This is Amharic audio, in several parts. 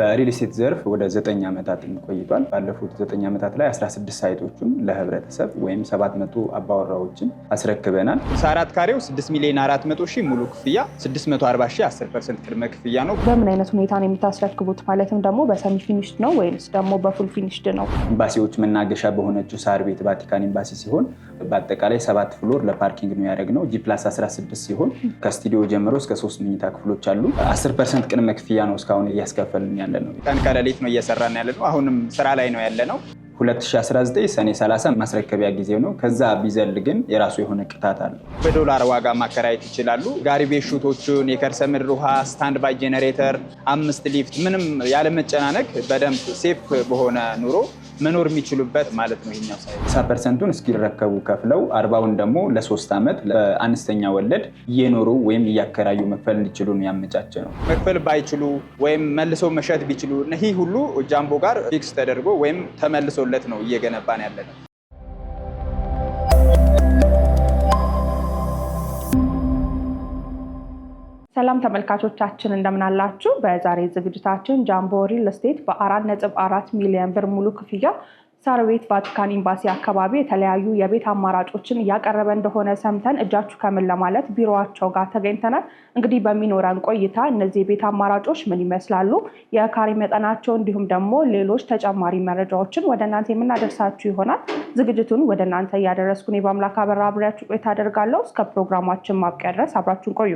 በሪል ስቴት ዘርፍ ወደ ዘጠኝ ዓመታት ቆይቷል። ባለፉት ዘጠኝ ዓመታት ላይ 16 ሳይቶችን ለህብረተሰብ ወይም 700 አባወራዎችን አስረክበናል። ሰአራት ካሬው 6 ሚሊዮን 400 ሺህ ሙሉ ክፍያ 640 ሺህ 10 ፐርሰንት ቅድመ ክፍያ ነው። በምን አይነት ሁኔታ ነው የምታስረክቡት? ማለትም ደግሞ በሰሚ ፊኒሽድ ነው ወይስ ደግሞ በፉል ፊኒሽድ ነው? ኤምባሲዎች መናገሻ በሆነችው ሳር ቤት ቫቲካን ኤምባሲ ሲሆን በአጠቃላይ ሰባት ፍሎር ለፓርኪንግ ነው ያደረግነው። ጂ ፕላስ 16 ሲሆን ከስቱዲዮ ጀምሮ እስከ ሶስት መኝታ ክፍሎች አሉ። 10 ፐርሰንት ቅድመ ክፍያ ነው እስካሁን እያስከፈልን ያለ ነው። ቀን ከሌሊት ነው እየሰራን ያለ ነው። አሁንም ስራ ላይ ነው ያለ ነው። 2019 ሰኔ 30 ማስረከቢያ ጊዜ ነው። ከዛ ቢዘል ግን የራሱ የሆነ ቅጣት አለ። በዶላር ዋጋ ማከራየት ይችላሉ። ጋሪ ቤት ሹቶችን፣ የከርሰ ምድር ውሃ፣ ስታንድ ባይ ጄኔሬተር፣ አምስት ሊፍት ምንም ያለመጨናነቅ በደንብ ሴፍ በሆነ ኑሮ መኖር የሚችሉበት ማለት ነው። ይኛው ሳ ፐርሰንቱን እስኪረከቡ ከፍለው አርባውን ደግሞ ለሶስት ዓመት በአነስተኛ ወለድ እየኖሩ ወይም እያከራዩ መክፈል እንዲችሉ ነው ያመቻቸ ነው። መክፈል ባይችሉ ወይም መልሶ መሸጥ ቢችሉ ይህ ሁሉ ጃምቦ ጋር ፊክስ ተደርጎ ወይም ተመልሶለት ነው እየገነባን ያለነው። ሰላም ተመልካቾቻችን እንደምናላችሁ። በዛሬ ዝግጅታችን ጃምቦ ሪል ስቴት በአራት ነጥብ አራት ሚሊዮን ብር ሙሉ ክፍያ ሳር ቤት ቫቲካን ኤምባሲ አካባቢ የተለያዩ የቤት አማራጮችን እያቀረበ እንደሆነ ሰምተን እጃችሁ ከምን ለማለት ቢሮዋቸው ጋር ተገኝተናል። እንግዲህ በሚኖረን ቆይታ እነዚህ የቤት አማራጮች ምን ይመስላሉ፣ የካሬ መጠናቸው፣ እንዲሁም ደግሞ ሌሎች ተጨማሪ መረጃዎችን ወደ እናንተ የምናደርሳችሁ ይሆናል። ዝግጅቱን ወደ እናንተ እያደረስኩ እኔ በአምላክ አበራ አብሬያችሁ ቆይታ አደርጋለሁ። እስከ ፕሮግራማችን ማብቂያ ድረስ አብራችሁን ቆዩ።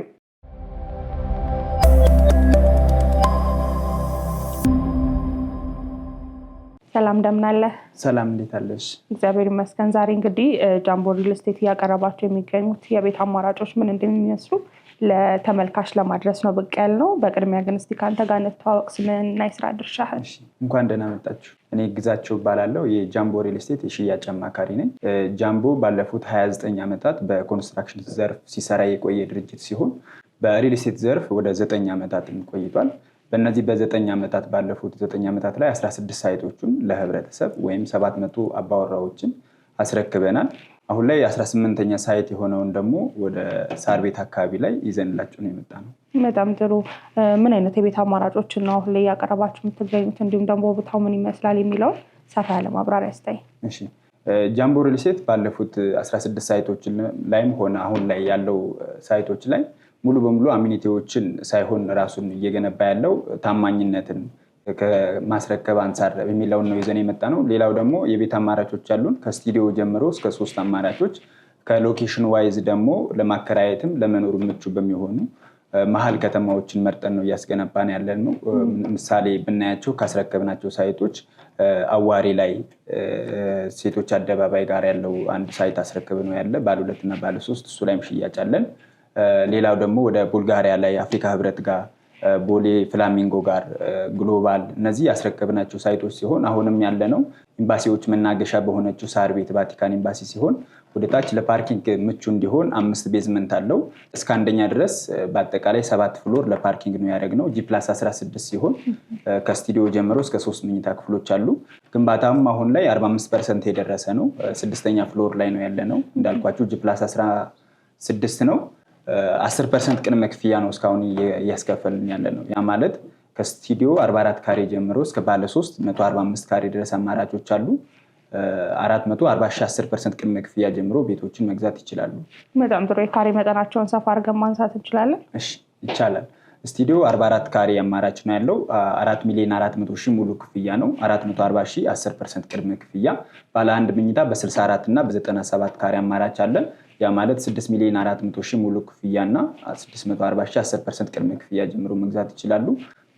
ሰላም እንደምን ሰላም እንዴት አለሽ? እግዚአብሔር ይመስገን። ዛሬ እንግዲህ ጃምቦ ሪል ስቴት እያቀረባቸው የሚገኙት የቤት አማራጮች ምን እንደሚመስሉ ለተመልካች ለማድረስ ነው ብቅ ያልነው። በቅድሚያ ግን እስቲ ከአንተ ጋር እንተዋወቅ፣ ስምህንና የስራ ድርሻህን። እንኳን ደህና መጣችሁ። እኔ ግዛቸው እባላለሁ የጃምቦ ሪል ስቴት የሽያጭ አማካሪ ነኝ። ጃምቦ ባለፉት 29 ዓመታት በኮንስትራክሽን ዘርፍ ሲሰራ የቆየ ድርጅት ሲሆን በሪል ስቴት ዘርፍ ወደ ዘጠኝ ዓመታት ቆይቷል። በእነዚህ በዘጠኝ ዓመታት ባለፉት ዘጠኝ ዓመታት ላይ 16 ሳይቶቹን ለህብረተሰብ ወይም ሰባት መቶ አባወራዎችን አስረክበናል። አሁን ላይ 18ኛ ሳይት የሆነውን ደግሞ ወደ ሳር ቤት አካባቢ ላይ ይዘንላችሁ ነው የመጣ ነው። በጣም ጥሩ። ምን አይነት የቤት አማራጮችን ነው አሁን ላይ እያቀረባችሁ የምትገኙት? እንዲሁም ደግሞ ቦታው ምን ይመስላል የሚለውን ሰፋ ያለ ማብራሪያ ስታይ። እሺ ጃምቦ ሪልስቴት ባለፉት 16 ሳይቶች ላይም ሆነ አሁን ላይ ያለው ሳይቶች ላይ ሙሉ በሙሉ አሚኒቲዎችን ሳይሆን ራሱን እየገነባ ያለው ታማኝነትን ከማስረከብ አንጻር የሚለውን ነው ይዘን የመጣ ነው። ሌላው ደግሞ የቤት አማራቾች ያሉን ከስቱዲዮ ጀምሮ እስከ ሶስት አማራቾች ከሎኬሽን ዋይዝ ደግሞ ለማከራየትም ለመኖሩ ምቹ በሚሆኑ መሀል ከተማዎችን መርጠን ነው እያስገነባን ያለን ነው። ምሳሌ ብናያቸው ካስረከብናቸው ሳይቶች አዋሪ ላይ ሴቶች አደባባይ ጋር ያለው አንድ ሳይት አስረክብ ነው ያለ ባለ ሁለትና ባለ ሶስት እሱ ላይም ሽያጭ አለን። ሌላው ደግሞ ወደ ቡልጋሪያ ላይ አፍሪካ ህብረት ጋር ቦሌ ፍላሚንጎ ጋር ግሎባል እነዚህ ያስረከብናቸው ሳይቶች ሲሆን አሁንም ያለነው ኤምባሲዎች መናገሻ በሆነችው ሳር ቤት ቫቲካን ኤምባሲ ሲሆን ወደታች ለፓርኪንግ ምቹ እንዲሆን አምስት ቤዝመንት አለው እስከ አንደኛ ድረስ በአጠቃላይ ሰባት ፍሎር ለፓርኪንግ ነው ያደረግነው። ነው ጂፕላስ 16 ሲሆን ከስቱዲዮ ጀምሮ እስከ ሶስት መኝታ ክፍሎች አሉ። ግንባታም አሁን ላይ 45 ፐርሰንት የደረሰ ነው። ስድስተኛ ፍሎር ላይ ነው ያለ ነው እንዳልኳቸው ጂፕላስ 16 ነው። አስር ፐርሰንት ቅድመ ክፍያ ነው እስካሁን እያስከፈልን ያለ ነው። ያ ማለት ከስቱዲዮ 44 ካሬ ጀምሮ እስከ ባለ 3 145 ካሬ ድረስ አማራጮች አሉ። 440 ፐርሰንት ቅድመ ክፍያ ጀምሮ ቤቶችን መግዛት ይችላሉ። በጣም ጥሩ። የካሬ መጠናቸውን ሰፋ አድርገን ማንሳት እንችላለን? እሺ ይቻላል። ስቱዲዮ 44 ካሬ አማራጭ ነው ያለው። 4 ሚሊዮን 400 ሺህ ሙሉ ክፍያ ነው። 440 ሺህ 10 ፐርሰንት ቅድመ ክፍያ። ባለ አንድ መኝታ በ64 እና በ97 ካሬ አማራጭ አለን። ያ ማለት 6 ሚሊዮን 400 ሺህ ሙሉ ክፍያ እና 640 ሺህ 10 ፐርሰንት ቅድመ ክፍያ ጀምሮ መግዛት ይችላሉ።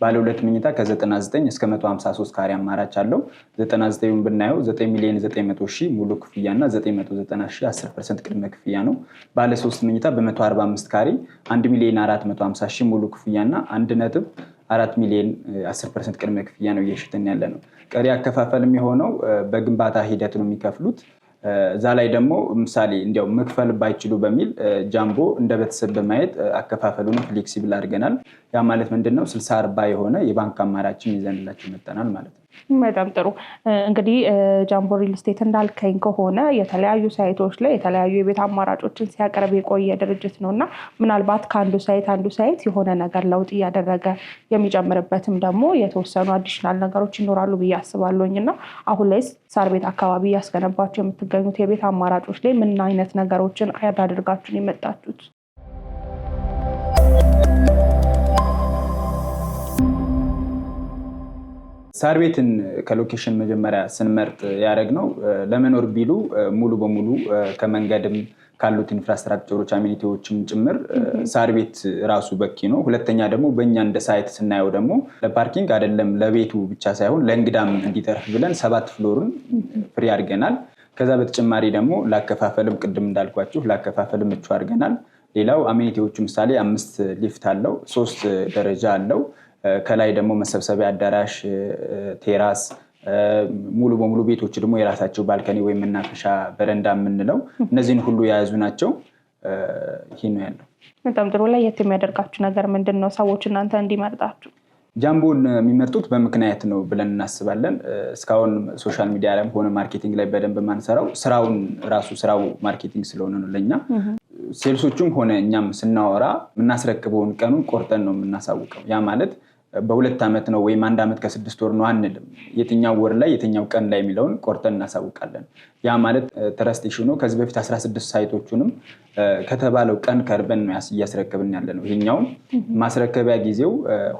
ባለ ሁለት መኝታ ከ99 እስከ 153 ካሬ አማራጭ አለው። 99ን ብናየው 9 ሚሊዮን 900 ሺህ ሙሉ ክፍያ እና 990 ሺህ 10 ፐርሰንት ቅድመ ክፍያ ነው። ባለ ሶስት መኝታ በ145 ካሬ 1 ሚሊዮን 450 ሺህ ሙሉ ክፍያ እና 1 ነጥብ አራት ሚሊዮን 10 ፐርሰንት ቅድመ ክፍያ ነው እየሸጥን ያለ ነው። ቀሪ አከፋፈል የሚሆነው በግንባታ ሂደት ነው የሚከፍሉት እዛ ላይ ደግሞ ምሳሌ እንዲያው መክፈል ባይችሉ በሚል ጃምቦ እንደ ቤተሰብ በማየት አከፋፈሉን ፍሌክሲብል አድርገናል። ያ ማለት ምንድን ነው? ስልሳ አርባ የሆነ የባንክ አማራጭን ይዘንላቸው መጠናል ማለት ነው። በጣም ጥሩ እንግዲህ ጃምቦ ሪል ስቴት እንዳልከኝ ከሆነ የተለያዩ ሳይቶች ላይ የተለያዩ የቤት አማራጮችን ሲያቀርብ የቆየ ድርጅት ነው እና ምናልባት ከአንዱ ሳይት አንዱ ሳይት የሆነ ነገር ለውጥ እያደረገ የሚጨምርበትም ደግሞ የተወሰኑ አዲሽናል ነገሮች ይኖራሉ ብዬ አስባለኝ እና አሁን ላይ ሳር ቤት አካባቢ እያስገነባቸው የምትገኙት የቤት አማራጮች ላይ ምን አይነት ነገሮችን አያድ አድርጋችሁን የመጣችሁት? ሳር ቤትን ከሎኬሽን መጀመሪያ ስንመርጥ ያደረግ ነው ለመኖር ቢሉ ሙሉ በሙሉ ከመንገድም ካሉት ኢንፍራስትራክቸሮች አሚኒቲዎችም ጭምር ሳር ቤት ራሱ በኪ ነው። ሁለተኛ ደግሞ በእኛ እንደ ሳይት ስናየው ደግሞ ለፓርኪንግ አይደለም ለቤቱ ብቻ ሳይሆን ለእንግዳም እንዲጠርፍ ብለን ሰባት ፍሎርን ፍሪ አድርገናል። ከዛ በተጨማሪ ደግሞ ላከፋፈልም ቅድም እንዳልኳችሁ ላከፋፈልም ምቹ አድርገናል። ሌላው አሚኒቲዎቹ ምሳሌ አምስት ሊፍት አለው፣ ሶስት ደረጃ አለው። ከላይ ደግሞ መሰብሰቢያ አዳራሽ፣ ቴራስ ሙሉ በሙሉ ቤቶች ደግሞ የራሳቸው ባልከኒ ወይም መናፈሻ በረንዳ የምንለው እነዚህን ሁሉ የያዙ ናቸው። ይህ ነው ያለው። በጣም ጥሩ። ለየት የሚያደርጋችሁ ነገር ምንድን ነው? ሰዎች እናንተ እንዲመርጣችሁ ጃምቦን የሚመርጡት በምክንያት ነው ብለን እናስባለን። እስካሁን ሶሻል ሚዲያ ላይ ሆነ ማርኬቲንግ ላይ በደንብ የማንሰራው ስራውን ራሱ ስራው ማርኬቲንግ ስለሆነ ነው ለእኛ ሴልሶቹም ሆነ እኛም ስናወራ የምናስረክበውን ቀኑን ቆርጠን ነው የምናሳውቀው። ያ ማለት በሁለት ዓመት ነው ወይም አንድ ዓመት ከስድስት ወር ነው አንልም። የትኛው ወር ላይ የትኛው ቀን ላይ የሚለውን ቆርጠን እናሳውቃለን። ያ ማለት ነው። ከዚህ በፊት 16 ሳይቶቹንም ከተባለው ቀን ከርበን ነው እያስረከብን ያለ ነው። ይሄኛውም ማስረከቢያ ጊዜው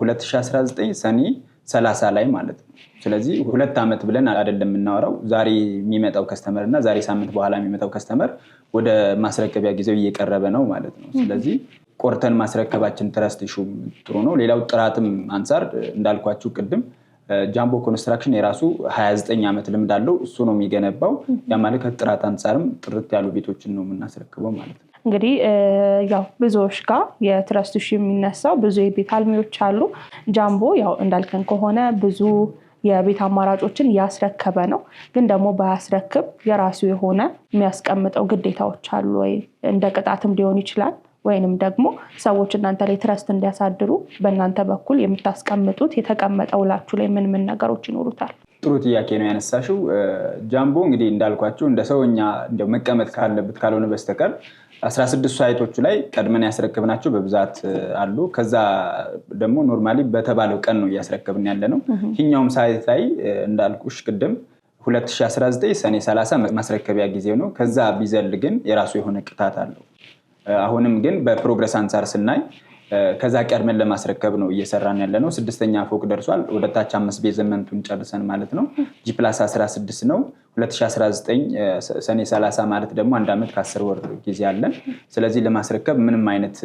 2019 ሰኔ 30 ላይ ማለት ነው። ስለዚህ ሁለት ዓመት ብለን አይደለም የምናወራው። ዛሬ የሚመጣው ከስተመር እና ዛሬ ሳምንት በኋላ የሚመጣው ከስተመር ወደ ማስረከቢያ ጊዜው እየቀረበ ነው ማለት ነው። ስለዚህ ቆርተን ማስረከባችን ትረስት ሹ ጥሩ ነው። ሌላው ጥራትም አንጻር እንዳልኳችሁ ቅድም ጃምቦ ኮንስትራክሽን የራሱ 29 ዓመት ልምድ አለው። እሱ ነው የሚገነባው። ያ ማለት ከጥራት አንጻርም ጥርት ያሉ ቤቶችን ነው የምናስረክበው ማለት ነው። እንግዲህ ያው ብዙዎች ጋር የትረስት ሹ የሚነሳው ብዙ የቤት አልሚዎች አሉ። ጃምቦ ያው እንዳልከን ከሆነ ብዙ የቤት አማራጮችን ያስረከበ ነው። ግን ደግሞ ባያስረክብ የራሱ የሆነ የሚያስቀምጠው ግዴታዎች አሉ ወይ እንደ ቅጣትም ሊሆን ይችላል ወይንም ደግሞ ሰዎች እናንተ ላይ ትረስት እንዲያሳድሩ በእናንተ በኩል የምታስቀምጡት የተቀመጠው ላችሁ ላይ ምን ምን ነገሮች ይኖሩታል? ጥሩ ጥያቄ ነው ያነሳሽው። ጃምቦ እንግዲህ እንዳልኳቸው እንደ ሰውኛ እንደው መቀመጥ ካለበት ካልሆነ በስተቀር አስራ ስድስቱ ሳይቶቹ ላይ ቀድመን ያስረክብናቸው በብዛት አሉ። ከዛ ደግሞ ኖርማሊ በተባለው ቀን ነው እያስረክብን ያለ ነው። ይህኛውም ሳይት ላይ እንዳልኩሽ ቅድም 2019 ሰኔ 30 ማስረከቢያ ጊዜው ነው። ከዛ ቢዘል ግን የራሱ የሆነ ቅጣት አለው። አሁንም ግን በፕሮግረስ አንጻር ስናይ ከዛ ቀድመን ለማስረከብ ነው እየሰራን ያለ ነው። ስድስተኛ ፎቅ ደርሷል። ወደታች አምስት ቤዘመንቱን ጨርሰን ማለት ነው። ጂፕላስ 16 ነው 2019 ሰኔ 30 ማለት ደግሞ አንድ ዓመት ከአስር ወር ጊዜ አለን። ስለዚህ ለማስረከብ ምንም አይነት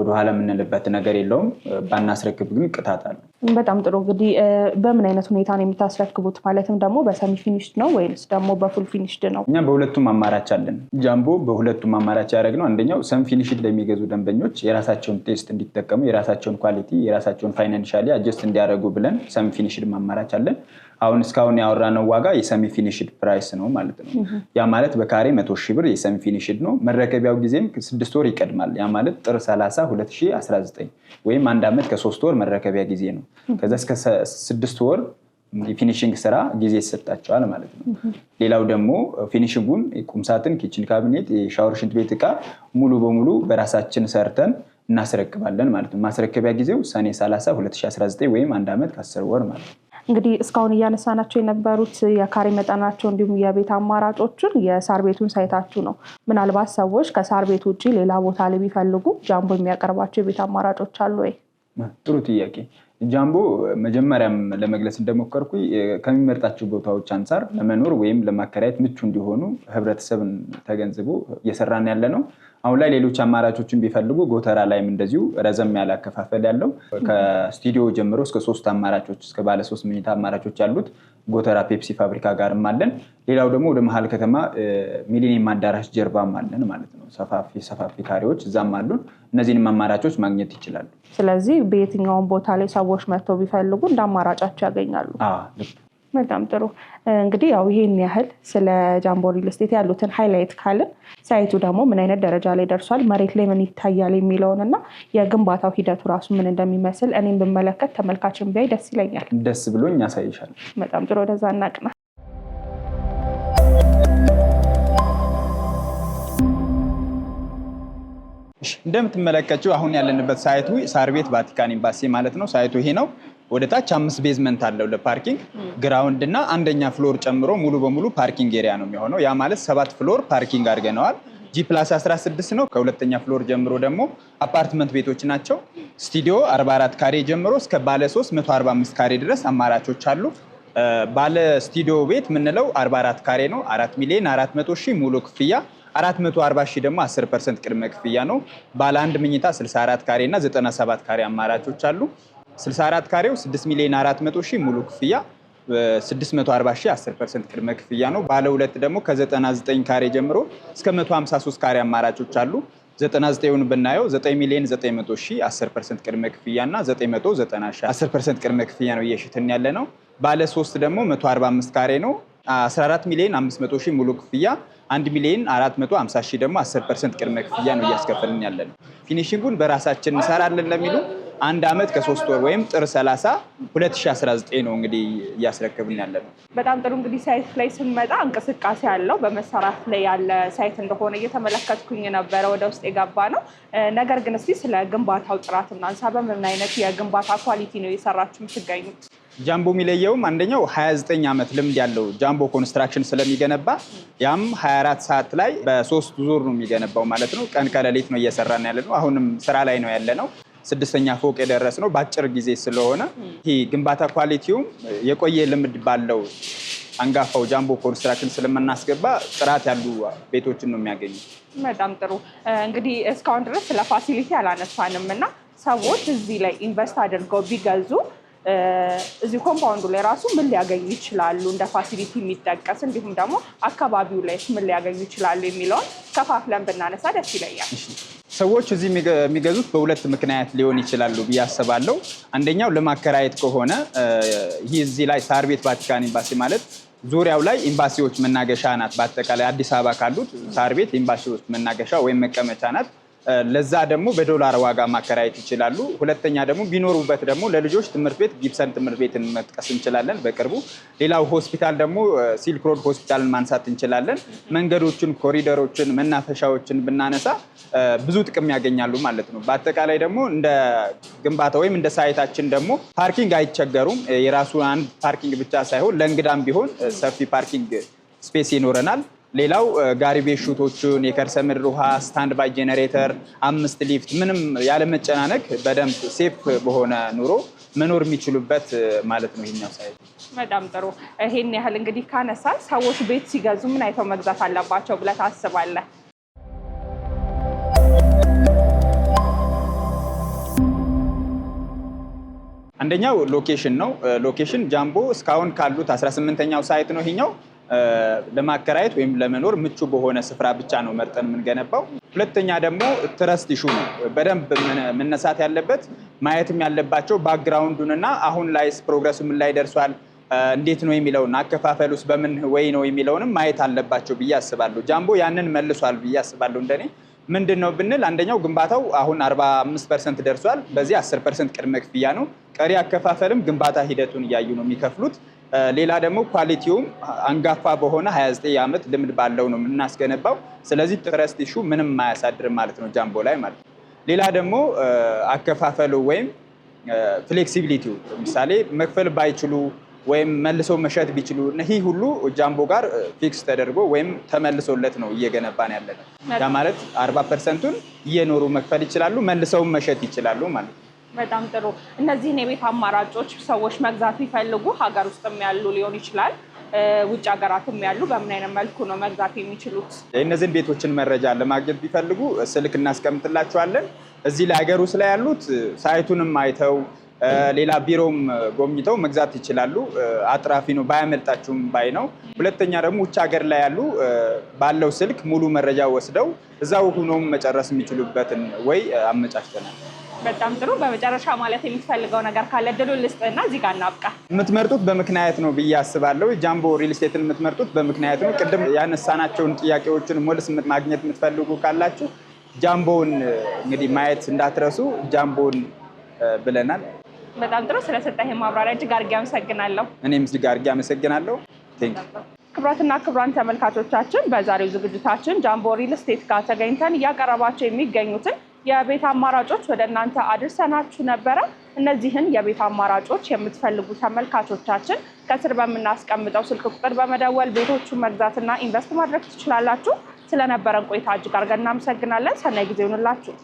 ወደኋላ የምንልበት ነገር የለውም። ባናስረክብ ግን ቅጣት አለ። በጣም ጥሩ እንግዲህ በምን አይነት ሁኔታ ነው የምታስረክቡት? ማለትም ደግሞ በሰሚ ፊኒሽድ ነው ወይስ ደግሞ በፉል ፊኒሽድ ነው? እኛ በሁለቱም አማራጭ አለን። ጃምቦ በሁለቱም አማራጭ ያደረግ ነው። አንደኛው ሰም ፊኒሽድ ለሚገዙ ደንበኞች የራሳቸውን ቴስት እንዲጠቀሙ፣ የራሳቸውን ኳሊቲ፣ የራሳቸውን ፋይናንሻሊ አጀስት እንዲያደርጉ ብለን ሰም ፊኒሽድ አማራጭ አለን። አሁን እስካሁን ያወራነው ዋጋ የሰሚ ፊኒሽድ ፕራይስ ነው ማለት ነው። ያ ማለት በካሬ መቶ ሺ ብር የሰሚ ፊኒሽድ ነው። መረከቢያው ጊዜም ስድስት ወር ይቀድማል። ያ ማለት ጥር 30 2019 ወይም አንድ ዓመት ከሶስት ወር መረከቢያ ጊዜ ነው። ከዛ እስከ ስድስት ወር የፊኒሽንግ ስራ ጊዜ ይሰጣቸዋል ማለት ነው። ሌላው ደግሞ ፊኒሽንጉን ቁምሳጥን፣ ኪችን ካቢኔት፣ የሻወር ሽንት ቤት እቃ ሙሉ በሙሉ በራሳችን ሰርተን እናስረክባለን ማለት ነው። ማስረከቢያ ጊዜው ሰኔ 30 2019 ወይም አንድ ዓመት ከአስር ወር ማለት ነው። እንግዲህ እስካሁን እያነሳናቸው የነበሩት የካሬ መጠናቸው እንዲሁም የቤት አማራጮችን የሳር ቤቱን ሳይታችሁ ነው። ምናልባት ሰዎች ከሳር ቤት ውጭ ሌላ ቦታ ላይ ቢፈልጉ ጃምቦ የሚያቀርባቸው የቤት አማራጮች አሉ ወይ? ጥሩ ጥያቄ። ጃምቦ መጀመሪያም ለመግለጽ እንደሞከርኩ ከሚመርጣቸው ቦታዎች አንጻር ለመኖር ወይም ለማከራየት ምቹ እንዲሆኑ ህብረተሰብን ተገንዝቦ እየሰራን ያለ ነው። አሁን ላይ ሌሎች አማራጮችን ቢፈልጉ ጎተራ ላይም እንደዚሁ ረዘም ያለ አከፋፈል ያለው ከስቱዲዮ ጀምሮ እስከ ሶስት አማራጮች እስከ ባለ ሶስት መኝታ አማራጮች ያሉት ጎተራ ፔፕሲ ፋብሪካ ጋርም አለን። ሌላው ደግሞ ወደ መሀል ከተማ ሚሊኒየም አዳራሽ ጀርባም አለን ማለት ነው። ሰፋፊ ሰፋፊ ካሬዎች እዛም አሉን። እነዚህንም አማራጮች ማግኘት ይችላሉ። ስለዚህ በየትኛውም ቦታ ላይ ሰዎች መጥተው ቢፈልጉ እንደ አማራጫቸው ያገኛሉ። ልክ በጣም ጥሩ እንግዲህ ያው ይህን ያህል ስለ ጃምቦ ሪል ስቴት ያሉትን ሃይላይት ካልን ሳይቱ ደግሞ ምን አይነት ደረጃ ላይ ደርሷል፣ መሬት ላይ ምን ይታያል የሚለውን እና የግንባታው ሂደቱ ራሱ ምን እንደሚመስል እኔም ብመለከት ተመልካችን ቢያይ ደስ ይለኛል። ደስ ብሎኝ ያሳይሻል። በጣም ጥሩ ወደዛ እናቅና። እንደምትመለከችው አሁን ያለንበት ሳይቱ ሳር ቤት ቫቲካን ኤምባሲ ማለት ነው። ሳይቱ ይሄ ነው። ወደ ታች አምስት ቤዝመንት አለው ለፓርኪንግ ግራውንድ እና አንደኛ ፍሎር ጨምሮ ሙሉ በሙሉ ፓርኪንግ ኤሪያ ነው የሚሆነው። ያ ማለት ሰባት ፍሎር ፓርኪንግ አድርገነዋል። ጂ ፕላስ 16 ነው። ከሁለተኛ ፍሎር ጀምሮ ደግሞ አፓርትመንት ቤቶች ናቸው። ስቱዲዮ 44 ካሬ ጀምሮ እስከ ባለ 3 145 ካሬ ድረስ አማራቾች አሉ። ባለ ስቱዲዮ ቤት የምንለው 44 ካሬ ነው። 4 ሚሊዮን 400 ሺህ ሙሉ ክፍያ 440 ሺህ ደግሞ 10 ፐርሰንት ቅድመ ክፍያ ነው። ባለ አንድ መኝታ 64 ካሬ እና 97 ካሬ አማራቾች አሉ። 64 ካሬው 6 ሚሊዮን 400 ሺህ ሙሉ ክፍያ 640 ሺህ 10 ፐርሰንት ቅድመ ክፍያ ነው። ባለ ሁለት ደግሞ ከ99 ካሬ ጀምሮ እስከ 153 ካሬ አማራጮች አሉ። 99ን ብናየው 9 ሚሊዮን 900 ሺህ 10 ፐርሰንት ቅድመ ክፍያ እና 990 ሺህ 10 ፐርሰንት ቅድመ ክፍያ ነው እየሽትን ያለ ነው። ባለ ሶስት ደግሞ 145 ካሬ ነው 14 ሚሊዮን 500 ሺህ ሙሉ ክፍያ 1 ሚሊዮን 450 ሺህ ደግሞ 10 ፐርሰንት ቅድመ ክፍያ ነው እያስከፈልን ያለ ነው። ፊኒሽንጉን በራሳችን እንሰራለን ለሚሉ አንድ ዓመት ከሶስት ወር ወይም ጥር 30 2019 ነው እንግዲህ እያስረክብን ያለ ነው። በጣም ጥሩ እንግዲህ ሳይት ላይ ስንመጣ እንቅስቃሴ ያለው በመሰራት ላይ ያለ ሳይት እንደሆነ እየተመለከትኩኝ ነበረ ወደ ውስጥ የገባ ነው። ነገር ግን እስኪ ስለ ግንባታው ጥራት እናንሳ። በምን አይነት የግንባታ ኳሊቲ ነው የሰራችሁ የምትገኙት? ጃምቦ የሚለየውም አንደኛው 29 ዓመት ልምድ ያለው ጃምቦ ኮንስትራክሽን ስለሚገነባ ያም 24 ሰዓት ላይ በሶስት ዙር ነው የሚገነባው ማለት ነው። ቀን ከሌሊት ነው እየሰራን ያለ ነው። አሁንም ስራ ላይ ነው ያለ ነው። ስድስተኛ ፎቅ የደረስ ነው በአጭር ጊዜ ስለሆነ ይህ ግንባታ ኳሊቲውም የቆየ ልምድ ባለው አንጋፋው ጃምቦ ኮንስትራክሽን ስለምናስገባ ጥራት ያሉ ቤቶችን ነው የሚያገኙ። በጣም ጥሩ። እንግዲህ እስካሁን ድረስ ስለ ፋሲሊቲ አላነሳንም እና ሰዎች እዚህ ላይ ኢንቨስት አድርገው ቢገዙ እዚሁ ኮምፓውንዱ ላይ ራሱ ምን ሊያገኙ ይችላሉ እንደ ፋሲሊቲ የሚጠቀስ እንዲሁም ደግሞ አካባቢው ላይ ምን ሊያገኙ ይችላሉ የሚለውን ከፋፍለን ብናነሳ ደስ ይለኛል። ሰዎች እዚህ የሚገዙት በሁለት ምክንያት ሊሆን ይችላሉ ብዬ አስባለሁ። አንደኛው ለማከራየት ከሆነ ይህ እዚህ ላይ ሳር ቤት ቫቲካን ኤምባሲ ማለት ዙሪያው ላይ ኤምባሲዎች መናገሻ ናት። በአጠቃላይ አዲስ አበባ ካሉት ሳር ቤት ኤምባሲዎች መናገሻ ወይም መቀመጫ ናት። ለዛ ደግሞ በዶላር ዋጋ ማከራየት ይችላሉ። ሁለተኛ ደግሞ ቢኖሩበት ደግሞ ለልጆች ትምህርት ቤት ጊብሰን ትምህርት ቤትን መጥቀስ እንችላለን በቅርቡ። ሌላው ሆስፒታል ደግሞ ሲልክሮድ ሆስፒታልን ማንሳት እንችላለን። መንገዶችን፣ ኮሪደሮችን፣ መናፈሻዎችን ብናነሳ ብዙ ጥቅም ያገኛሉ ማለት ነው። በአጠቃላይ ደግሞ እንደ ግንባታ ወይም እንደ ሳይታችን ደግሞ ፓርኪንግ አይቸገሩም። የራሱ አንድ ፓርኪንግ ብቻ ሳይሆን ለእንግዳም ቢሆን ሰፊ ፓርኪንግ ስፔስ ይኖረናል። ሌላው ጋሪ ቤት ሹቶቹን የከርሰ ምድር ውሃ ስታንድ ባይ ጄኔሬተር፣ አምስት ሊፍት ምንም ያለመጨናነቅ በደንብ ሴፍ በሆነ ኑሮ መኖር የሚችሉበት ማለት ነው። ይህኛው ሳይ በጣም ጥሩ። ይሄን ያህል እንግዲህ ካነሳ ሰዎች ቤት ሲገዙ ምን አይተው መግዛት አለባቸው ብለህ ታስባለህ? አንደኛው ሎኬሽን ነው። ሎኬሽን ጃምቦ እስካሁን ካሉት 18ኛው ሳይት ነው ይሄኛው ለማከራየት ወይም ለመኖር ምቹ በሆነ ስፍራ ብቻ ነው መርጠን የምንገነባው። ሁለተኛ ደግሞ ትረስት ይሹ ነው በደንብ መነሳት ያለበት ማየትም ያለባቸው እና አሁን ላይስ ፕሮግረሱ ምን ላይ ደርሷል እንዴት ነው የሚለውን አከፋፈል ውስጥ በምን ወይ ነው የሚለውንም ማየት አለባቸው ብዬ አስባለሁ። ጃምቦ ያንን መልሷል ብዬ አስባለሁ። እንደኔ ምንድን ነው ብንል አንደኛው ግንባታው አሁን 45 ፐርሰንት ደርሷል። በዚህ 10 ፐርሰንት ቅድመ ክፍያ ነው። ቀሪ አከፋፈልም ግንባታ ሂደቱን እያዩ ነው የሚከፍሉት። ሌላ ደግሞ ኳሊቲውም አንጋፋ በሆነ 29 ዓመት ልምድ ባለው ነው የምናስገነባው። ስለዚህ ትረስት ኢሹ ምንም አያሳድር ማለት ነው ጃምቦ ላይ ማለት ነው። ሌላ ደግሞ አከፋፈሉ ወይም ፍሌክሲቢሊቲው ለምሳሌ መክፈል ባይችሉ ወይም መልሶ መሸጥ ቢችሉ ይህ ሁሉ ጃምቦ ጋር ፊክስ ተደርጎ ወይም ተመልሶለት ነው እየገነባን ያለ ነው። ያ ማለት አርባ ፐርሰንቱን እየኖሩ መክፈል ይችላሉ፣ መልሰውን መሸጥ ይችላሉ ማለት ነው። በጣም ጥሩ። እነዚህን የቤት አማራጮች ሰዎች መግዛት ቢፈልጉ ሀገር ውስጥም ያሉ ሊሆን ይችላል፣ ውጭ ሀገራትም ያሉ በምን አይነት መልኩ ነው መግዛት የሚችሉት? እነዚህን ቤቶችን መረጃ ለማግኘት ቢፈልጉ ስልክ እናስቀምጥላቸዋለን። እዚህ ላይ ሀገር ውስጥ ላይ ያሉት ሳይቱንም አይተው ሌላ ቢሮም ጎብኝተው መግዛት ይችላሉ። አጥራፊ ነው ባያመልጣችሁም ባይ ነው። ሁለተኛ ደግሞ ውጭ ሀገር ላይ ያሉ ባለው ስልክ ሙሉ መረጃ ወስደው እዛው ሁኖም መጨረስ የሚችሉበትን ወይ አመቻችተናል። በጣም ጥሩ። በመጨረሻ ማለት የምትፈልገው ነገር ካለ ድሉ ልስጥ እና እዚህ ጋር እናብቃ። የምትመርጡት በምክንያት ነው ብዬ አስባለሁ። ጃምቦ ሪል ስቴትን የምትመርጡት በምክንያት ነው። ቅድም ያነሳናቸውን ጥያቄዎችን ሞልስ ማግኘት የምትፈልጉ ካላችሁ ጃምቦውን እንግዲህ ማየት እንዳትረሱ። ጃምቦውን ብለናል። በጣም ጥሩ። ስለሰጠህ ማብራሪያ እጅግ አድርጌ አመሰግናለሁ። እኔም እጅግ አድርጌ አመሰግናለሁ። ክቡራትና ክብራን ተመልካቾቻችን በዛሬው ዝግጅታችን ጃምቦ ሪል ስቴት ጋር ተገኝተን እያቀረባቸው የሚገኙትን የቤት አማራጮች ወደ እናንተ አድርሰናችሁ ነበረ። እነዚህን የቤት አማራጮች የምትፈልጉ ተመልካቾቻችን ከስር በምናስቀምጠው ስልክ ቁጥር በመደወል ቤቶቹ መግዛትና ኢንቨስት ማድረግ ትችላላችሁ። ስለነበረን ቆይታ እጅግ አድርገን እናመሰግናለን። ሰናይ ጊዜ ይሁንላችሁ።